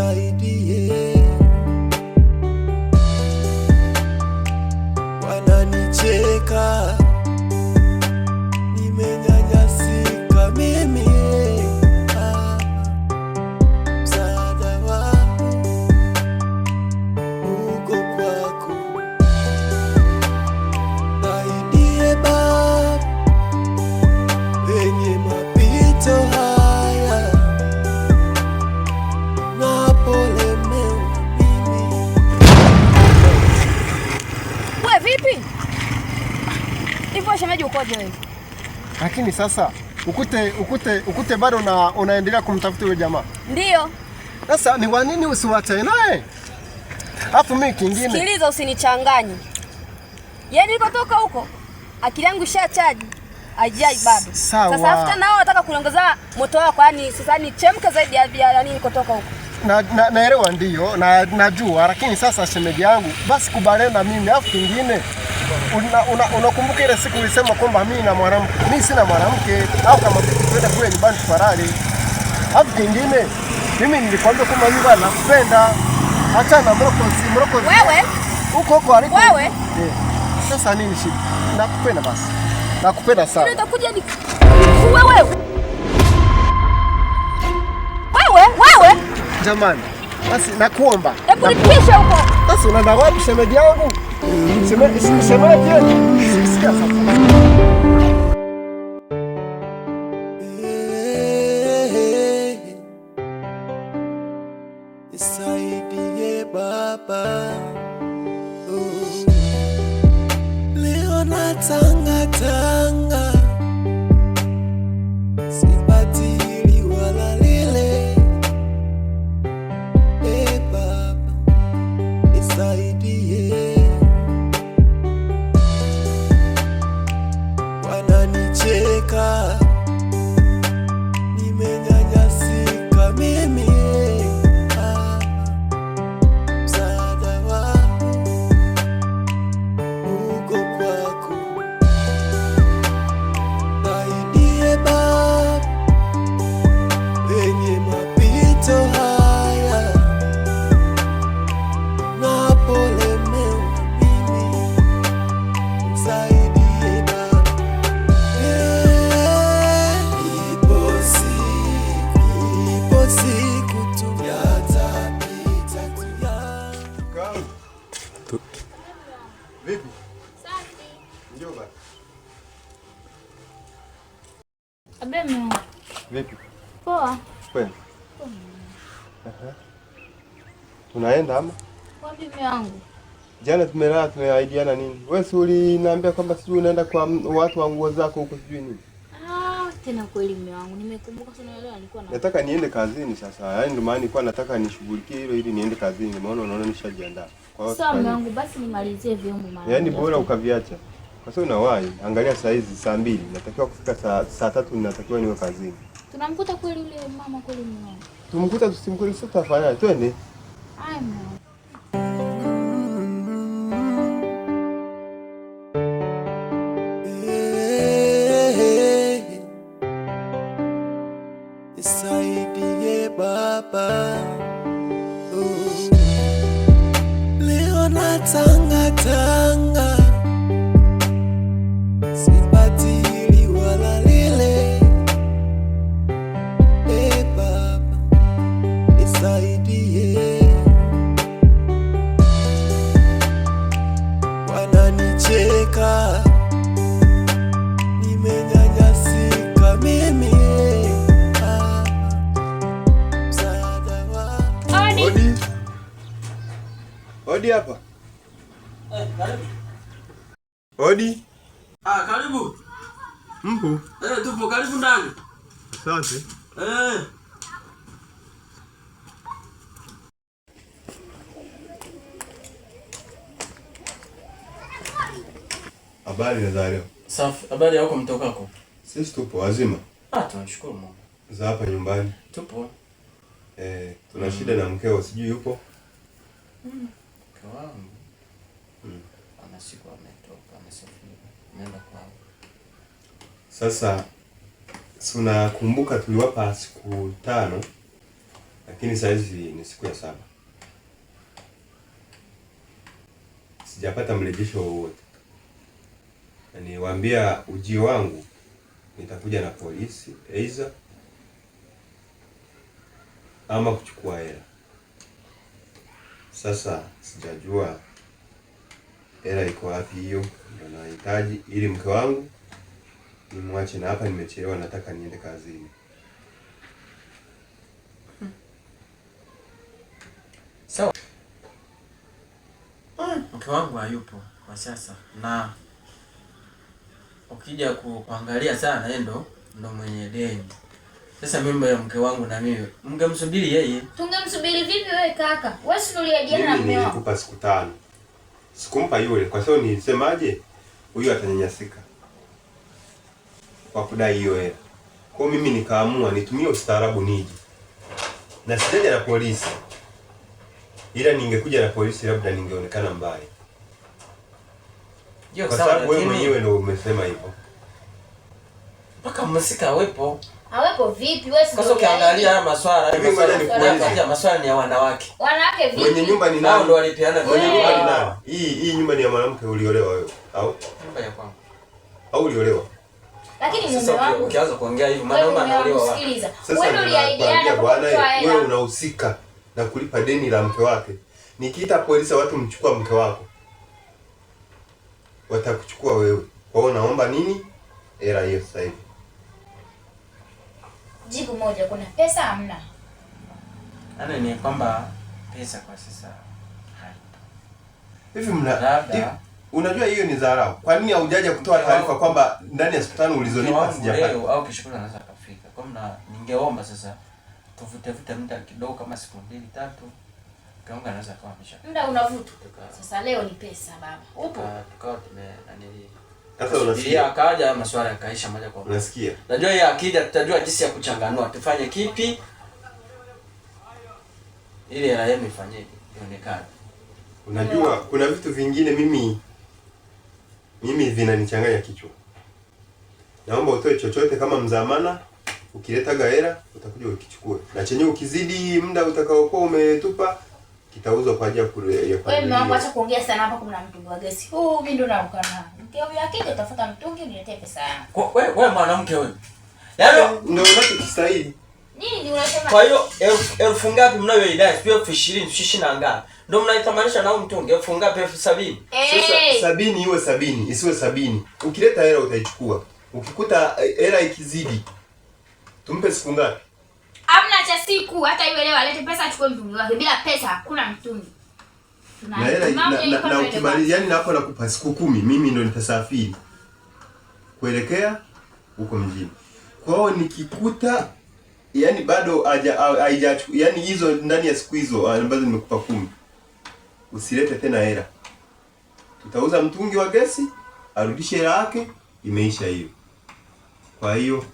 nisaidie, wananicheka Ulikuwa shemeji ukoje wewe? Lakini sasa ukute ukute ukute bado una, unaendelea kumtafuta yule jamaa. Ndio. Sasa ni kwa nini usiwache naye? Alafu mimi kingine. Sikiliza usinichanganye. Yaani nilipotoka huko akili yangu ishachaji. Ajai bado. Sawa. Sasa hata nao nataka kuongeza moto wako yani sasa ni chemka zaidi ya yani nilikotoka huko. Na, na, naelewa ndio na, najua lakini sasa shemeji yangu basi kubaliana na mimi alafu kingine unakumbuka una, una ile siku ulisema kwamba mimi na mwanamke, mimi sina mwanamke, au kama tuenda kule nyumbani tufarale. Hapo kingine mimi nilikwambia kwamba mimi bwana nakupenda, acha na mroko si mroko wewe huko huko aliko wewe eh. Sasa nini shida? Nakupenda basi, nakupenda sana. Utakuja ni wewe wewe wewe, jamani, basi nakuomba, hebu nipishe huko unaenda wapi shemeji yangu Se me, se, se me la tiene. Jana tumelala tumeahidiana nini? Wewe si uliniambia kwamba sijui unaenda kwa watu wa nguo zako huko sijui nini? Ah, tena kweli mume wangu nimekumbuka sana leo nilikuwa na Nataka niende kazini sasa. Yaani ndio maana nilikuwa nataka nishughulikie hilo ili niende kazini. Maana unaona nishajiandaa. Kwa hiyo sasa mume wangu basi nimalizie vyombo mara. Yaani bora ukaviacha. Kwa sababu unawahi. Angalia saa hizi saa mbili. Natakiwa kufika saa saa tatu ninatakiwa niwe kazini. Tunamkuta kweli yule mama kweli mume wangu. Tumkuta tusimkuta sasa tafanya Twende. Ai mume wangu. Asante. Habari za leo. Safi. Habari yako mtoka huko? Sisi tupo wazima. Ah, tunashukuru Mungu. Za hapa nyumbani. Tupo. Eh, tuna mm. shida na mkeo sijui yupo. Mm. Mke wangu. Mm. Ana siku ametoka, amesafiri. Ameenda kwao. Sasa Si unakumbuka tuliwapa siku tano, lakini saa hizi ni siku ya saba. Sijapata mrejesho wowote, niwaambia ujio wangu nitakuja na polisi aidha ama kuchukua hela. Sasa sijajua hela iko wapi, hiyo ndio nahitaji ili mke wangu nimwache na hapa nimechelewa, nataka niende kazini. Hmm. So, hmm, mke wangu hayupo kwa sasa, na ukija kuangalia sana yeye ndo ndo mwenye deni. Sasa mimba ya mke wangu na mimi mngemsubiri yeye. Tungemsubiri vipi wewe kaka? Wewe si tuliajiana na mke wangu. Nilikupa siku tano. Sikumpa yule kwa sababu nilisemaje? Huyu atanyanyasika kwa kudai hiyo hela. Kwa mimi nikaamua nitumie ustaarabu niji. Na sijaja na polisi. Ila ningekuja na polisi labda ningeonekana mbaya. Yo, kwa sababu wewe mwenyewe ndio umesema hivyo. Paka msika awepo. Awepo vipi wewe? Sasa ukiangalia haya maswala, ni haya maswala ni ya wanawake. Wanawake vipi? Wenye nyumba ni nani? ndio walipeana. Wenye nyumba ni nani? Hii hii nyumba ni ya mwanamke uliolewa wewe au? Nyumba ya kwangu. Au uliolewa? Lakini mume wangu ukianza kuongea hivyo Wewe uliaidiana wewe unahusika na kulipa deni la mke wake. Nikiita polisi watu mchukua mke wako. Watakuchukua wewe. Kwa hiyo naomba nini? Era hiyo sasa hivi. Jibu moja, kuna pesa hamna? Ana ni kwamba pesa kwa sasa haipo. Hivi mna labda Unajua hiyo ni dharau. Kwa nini haujaja kutoa taarifa kwamba ndani ya hospitali ulizonipa sijapata? Leo au kesho anaweza kafika. Kwa mna ningeomba sasa tuvute vute muda kidogo kama siku mbili tatu. Kaunga anaweza kawa amesha. Muda unavuta. Sasa leo ni pesa baba. Upo? Ah, Tukao tume nani sasa unasikia akaja maswala yakaisha moja kwa moja. Unasikia? Najua yeye akija tutajua jinsi ya kuchanganua. Tufanye kipi? Ile hela yenu ifanyike ionekane. Unajua kuna vitu vingine mimi mimi zinanichanganya kichwa. Naomba utoe chochote kama mzamana, ukileta gaera utakuja ukichukue, na chenye ukizidi muda utakaokuwa umetupa kitauzwa kwa ajili ya kule ya kwa. Wewe acha kuongea sana hapa, kuna mtungi wa gesi huu mimi ndo naukana. Mkeo ya kike utafuta mtungi uniletee pesa yangu. Wewe wewe mwanamke wewe. Yaani eh, ndio unachostahili. Nini unasema? Kwa hiyo elfu ngapi mnayoidai? Sio elfu ishirini, sio ishirini na ngapi? ndio mnaitamanisha nao mtunge elfu ngapi? elfu sabini. Sasa sabini iwe sabini isiwe sabini, ukileta hela utaichukua. Ukikuta eh, hela ikizidi, tumpe siku ngapi? Hamna cha siku hata iwe leo, alete pesa achukue mtungi wake. Bila pesa hakuna mtungi. Na hela na ukimaliza, yani napo nakupa siku kumi, mimi ndo nitasafiri kuelekea huko mjini kwao, nikikuta yani bado haijachukua yani hizo ndani ya siku hizo ambazo nimekupa kumi usilete tena hela, tutauza mtungi wa gesi, arudishe hela yake, imeisha hiyo. Kwa hiyo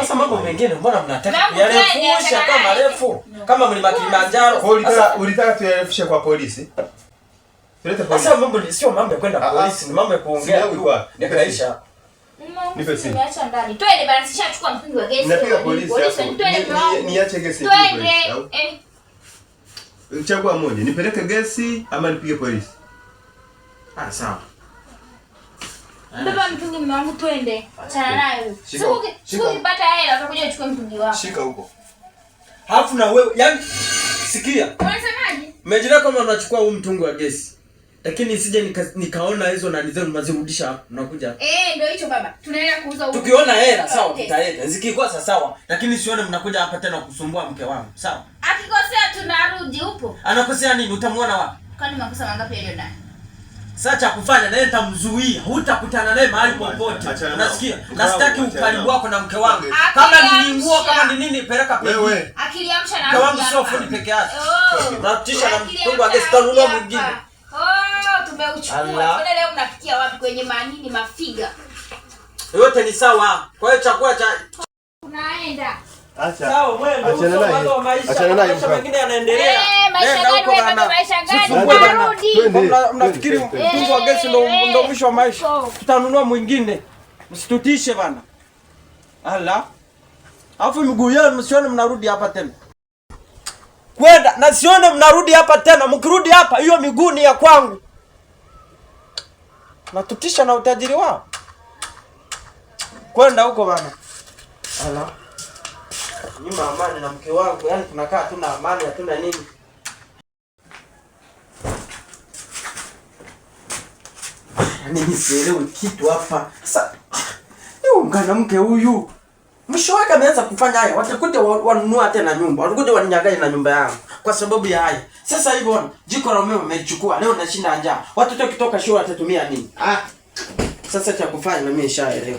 sasa mambo mengine mbona mnataka kuyarefusha kama refu yaani kama mlima Kilimanjaro? Ulitaka tuyarefushe kwa polisi? Sasa mambo sio mambo ya kwenda ah, ah, polisi, ni mambo ya kuongea tu Nipe simu. Niacha ndani. Twende basi, mtungi wa gesi. Napiga polisi. Niache gesi. Twende. Chagua moja, nipeleke gesi ama nipige polisi? Ah, sawa. Ah. Baba mtungi mwangu twende. Achana eh, naye. Siku siku hela utakuja uchukue mtungi wako. Shika huko. Halafu na wewe, yani sikia. Unasemaje? Mejira kama unachukua huu mtungi wa gesi. Lakini sije nika, nikaona hizo na nizo mazirudisha mnakuja. Eh, ndio hicho baba. Tunaenda kuuza huko. Tukiona hela sawa, tutaenda. Zikikosa sawa, lakini sione mnakuja hapa tena kusumbua mke wangu. Sawa. Akikosea tunarudi upo. Anakosea nini? Utamwona wapi? Kwani makosa mangapi yaliyo ndani? Sasa cha kufanya naye nitamzuia, hutakutana naye mahali popote. Unasikia? Na sitaki ukaribu wako na mke wangu. Kama nilimuoa kama ni nini peleka peke wewe. Akiliamsha na mke wangu sio fundi peke yake. Oh. Na kutisha na mtungu angestanunua mwingine. Oh, tumeuchukua. Mbona leo mnafikia wapi kwenye manini mafiga? Yote ni sawa. Kwa hiyo chakula cha unaenda Mnafikiri mtungi wa gesi eh. ndo mwisho wa maisha? Tutanunua mwingine, msitutishe bana. Ala, miguu yenu msione mnarudi hapa tena kwenda, na sione mnarudi hapa tena. Mkirudi hapa, hiyo miguu ni ya kwangu. Natutisha na utajiri wao kwenda huko bana. Ala nyuma amani na mke wangu, yani tunakaa tuna amani, hatuna nini. Yaani sielewi kitu hapa sasa. na mke huyu mwisho wake ameanza kufanya haya, watakuja wanunua tena nyumba, watakuja waninyang'anye na nyumba yangu kwa sababu ya haya. Sasa hivyo jiko la umeme wamelichukua leo, nashinda njaa, watoto kitoka shule watatumia nini? Ah, sasa cha kufanya mimi nishaelewa.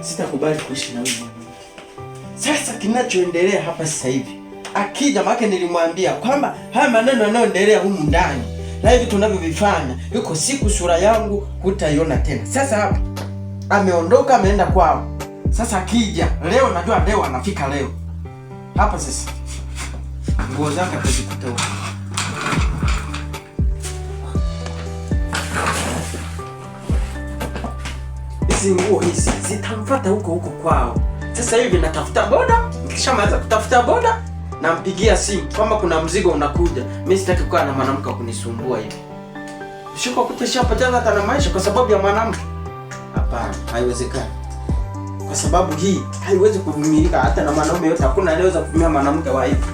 Sitakubali kuishi na Sasa kinachoendelea hapa sasa hivi, akija make nilimwambia kwamba haya maneno yanayoendelea humu ndani na hivi tunavyovifanya, yuko siku sura yangu hutaiona tena. Sasa hapa ameondoka, ameenda kwao. Sasa akija leo, najua leo anafika leo hapa sasa nguo zake atazikuta huko. Hizi nguo hizi zitamfuata huko huko kwao. Sasa hivi natafuta boda, nikishamaliza kutafuta boda nampigia simu kwamba kuna mzigo unakuja. Mimi sitaki kukaa na mwanamke kunisumbua hivi. Shuko kute poteza hata na maisha kwa sababu ya mwanamke. Hapana, haiwezekani. Kwa sababu hii haiwezi kuvumilika hata na mwanaume yote, hakuna anayeweza kuvumia mwanamke wa hivi.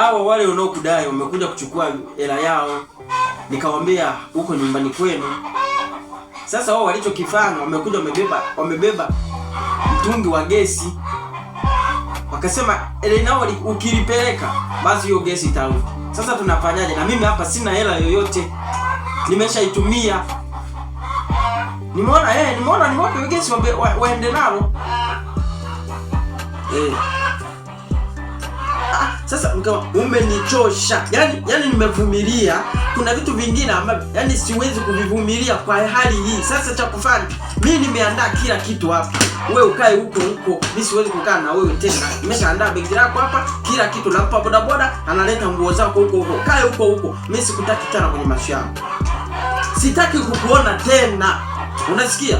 hawa wale wanaokudai wamekuja kuchukua hela yao, nikawambia huko nyumbani kwenu. Sasa wao walichokifanya wamekuja wamebeba wamebeba mtungi wa gesi, wakasema ile nao ukilipeleka basi hiyo gesi itarudi. Sasa tunafanyaje? Na mimi hapa sina hela yoyote, nimeshaitumia. Nimeona eh, nimeona ni wapi gesi waende nalo eh. Sasa mkawa umenichosha, yani yani nimevumilia, kuna vitu vingine ambavyo yani siwezi kuvivumilia kwa hali hii. Sasa cha kufanya mimi nimeandaa kila kitu hapa, wewe ukae huko huko, mimi siwezi kukaa na wewe tena. Nimeshaandaa begi lako hapa, kila kitu, boda boda analeta nguo zako huko huko, kae huko huko. Mimi sikutaki tena kwenye maisha yangu, sitaki kukuona tena, unasikia?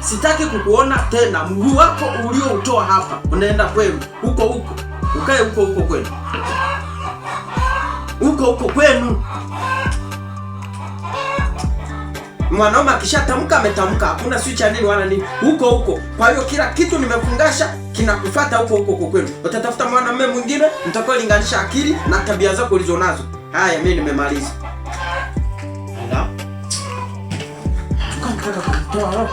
Sitaki kukuona tena. Mguu wako ulioutoa hapa unaenda kwenu huko huko ukae huko huko kwenu, huko huko kwenu. Mwanaume akishatamka ametamka, hakuna switch ya nini wala nini, huko huko. Kwa hiyo kila kitu nimefungasha kinakufuata huko huko kwa kwenu. Utatafuta mwanamume mwingine mtakao linganisha akili na tabia zako ulizonazo. nazo. Haya, mimi nimemaliza. Ndio. Tukataka kumtoa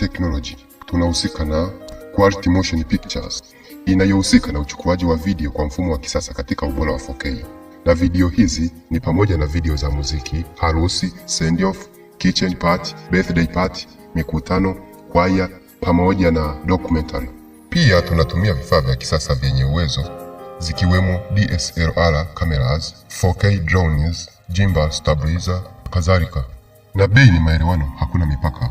Technology tunahusika na Quality Motion Pictures inayohusika na uchukuaji wa video kwa mfumo wa kisasa katika ubora wa 4K na video hizi ni pamoja na video za muziki, harusi, send off, kitchen party, birthday party, mikutano, kwaya pamoja na documentary. Pia tunatumia vifaa vya kisasa vyenye uwezo zikiwemo DSLR cameras, 4K drones, gimbal stabilizer, kadhalika. Na bei ni maelewano, hakuna mipaka.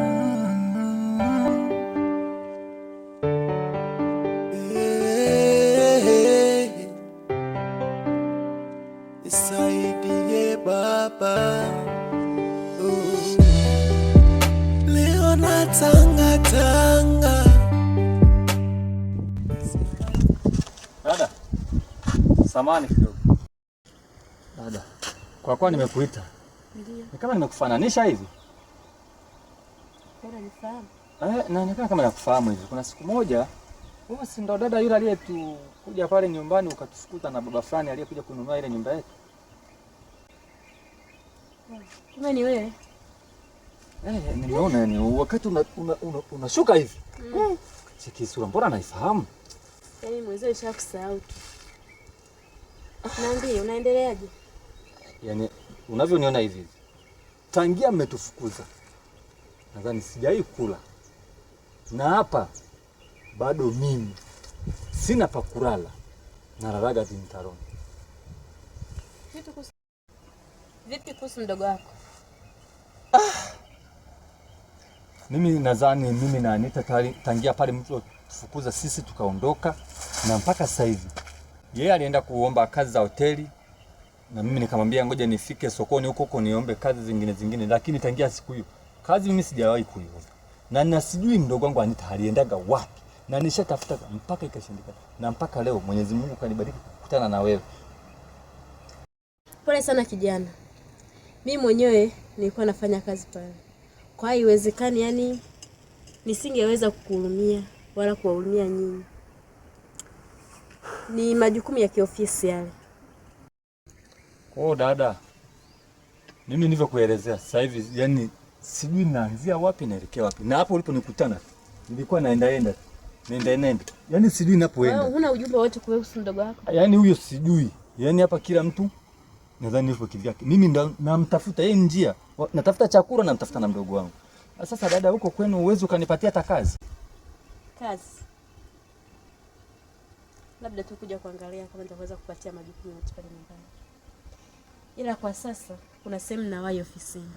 wanatangatanga. Dada, samani kidogo. Dada, kwa kuwa nimekuita ni kama nimekufananisha hivi eh, naonekana kama nakufahamu hivi. Kuna siku moja wewe, si ndo dada yule aliyetukuja pale nyumbani ukatusukuta na baba fulani aliyekuja kununua ile nyumba yetu? Kumbe ni wewe. Nimeona eh, yani wakati unashuka hivi. Mm. Cheki sura, mbona naifahamu? Yaani mwenzio ishakusahau tu. Niambie, unaendeleaje? Yaani unavyoniona hivi tangia mmetufukuza nadhani sijai kula na hapa bado mimi sina pa kulala, nalalaga vimtaroni. Vipi kuhusu mdogo wako? Ah. Mimi nadhani mimi na Anita tayari tangia pale mtu tufukuza sisi tukaondoka, na mpaka sasa hivi yeye alienda kuomba kazi za hoteli na mimi nikamwambia ngoja nifike sokoni huko huko niombe kazi zingine zingine, lakini tangia siku hiyo kazi mimi sijawahi kuiona, na na sijui mdogo wangu Anita aliendaga wapi, na nishatafuta mpaka ikashindikana, na mpaka leo Mwenyezi Mungu kanibariki kukutana na wewe. Pole sana kijana, mimi mwenyewe nilikuwa nafanya kazi pale kwa hiyo haiwezekani, yani nisingeweza kukuhurumia wala kuwahurumia nyinyi. Ni majukumu ya kiofisi yale. Oh, dada, mimi nilivyokuelezea sasa hivi, yani sijui naanzia wapi naelekea wapi, na hapo ulipo nikutana nilikuwa naendaenda nenda nenda, yani sijui napoenda. Huna ujumbe wote kuhusu mdogo wako? Yani huyo sijui, yani hapa kila mtu nadhani hivyo kivyake. Mimi ndo namtafuta yeye njia, natafuta chakula, namtafuta na mdogo wangu. Ah, sasa dada, huko kwenu uwezi ukanipatia hata kazi kazi, labda tu kuja kuangalia kama nitaweza kupatia majukumu yote pale nyumbani, ila kwa sasa kuna sehemu nawahi ofisini,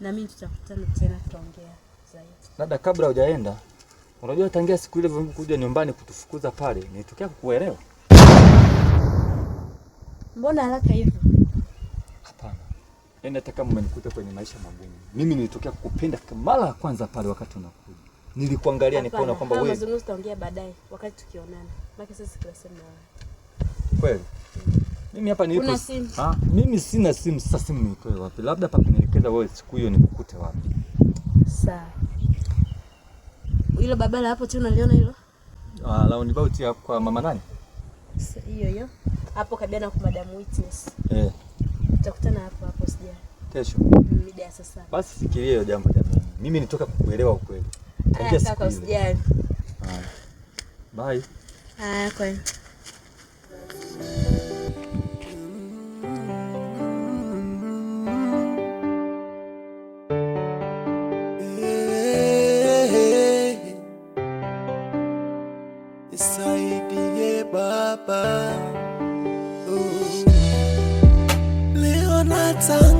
na mimi tutakutana tena, tutaongea zaidi. Dada, kabla hujaenda, unajua tangia siku ile kuja nyumbani kutufukuza pale, nitokea kukuelewa Mbona haraka hivyo? Hapana. Yaani hata kama umenikuta kwenye maisha magumu, mimi nilitokea kukupenda mara ya kwanza pale wakati unakuja. Nilikuangalia nikaona kwamba wewe. Mazungumzo tutaongea baadaye wakati tukionana. Maki sasa sikasema. Kweli. Mimi hapa nilipo. Una simu? Ah, mimi sina simu. Sasa simu nitoe wapi? Labda pa kunielekeza wewe siku hiyo nikukute wapi? Sawa. Hilo babala hapo tu unaliona hilo? Ah, roundabout ya kwa mama nani? Hiyo hiyo hapo kabiana kwa madam witness. Eh. Tutakutana hapo hapo sija Kesho. Mm, mida sasa. Basi fikiria hiyo jambo jamani. Mimi nitoka kukuelewa ukweli. Ongea sasa usijali. Haya. Bye. Haya kwani. Nisaidie Baba. time.